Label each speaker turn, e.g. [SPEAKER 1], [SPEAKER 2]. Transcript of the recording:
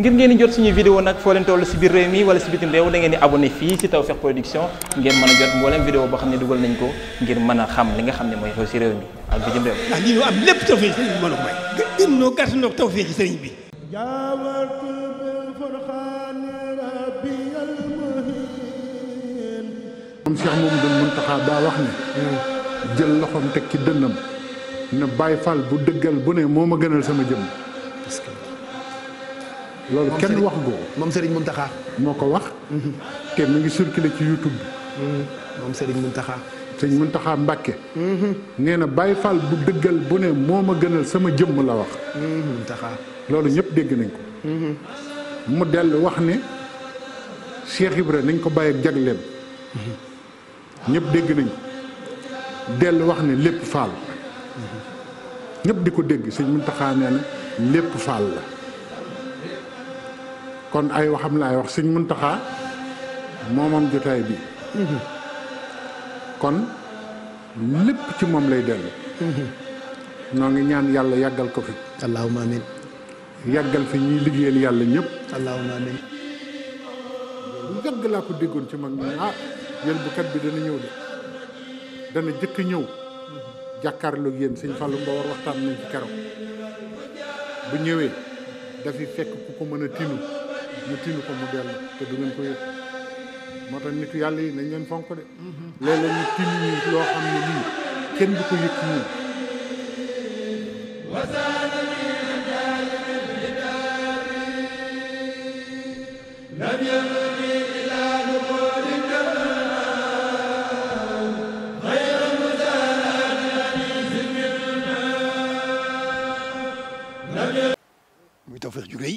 [SPEAKER 1] ngir ngeen di jot suñu vidéo nag foo leen toll si biir réew mi wala si bitim réew da ngeen di abonné fii si Tawfekh Production ngeen mën a jot mboolem vidéo boo xam ne dugal nañ ko ngir mën a xam li nga xam ne mooy xew si réew mi ak bitim réew. ndax lii ñu am lépp Tawfekh sëriñ bi mën a may. gën noo gàtt noo Tawfekh sëriñ
[SPEAKER 2] moom Cheikh Mouhamadou Mountakha daa wax ne. jël loxoom teg ci dënnam. ne Baye Fall bu dëggal bu ne moo ma gënal sama jëmm. loolu kenn wax nga ko moom Serigne Mountakha. moo ko wax. te mhm. mu ngi circulé ci YouTube bi. Mhm. moom Serigne Mountakha. Serigne Mountakha Mbacke. Mhm. nee na Baye Fall bu dëggal bu ne moo ma gënal sama jëmm la wax. Mountakha loolu ñëpp dégg nañ ko. mu dell wax ne Cheikh Ibra nañ ko bàyyi jagleem. ñépp dégg nañ dell wax ne lépp Fall. ñëpp di ko dégg Serigne Mountakha nee na lépp Fall la. kon ay waxam laay wax sëñ Muntaxa moomam jotaay bi kon lépp ci moom lay dellu noo ngi ñaan yàlla yàggal ko fi allahumma amin yàggal fi ñuy liggéeyal yàlla ñëpp allahumma amin yàgg laa ko déggoon ci mag ñi ah yéen bu bi dana ñëw de dana jëkk ñëw jàkkaarloog yéen sëñ Fallou Mbaor waxtaan nañ ci keroog bu ñëwee dafi fekk ku ko mën a tinu ñu tiinu ko mu dellu te du ngeen ko yëg moo tax nitu yàlla yi nañ leen fonk de loolu ñu tiinu ñu loo xam
[SPEAKER 1] ne lii kenn du ko yëg ñun muy Tawfekh ju rëy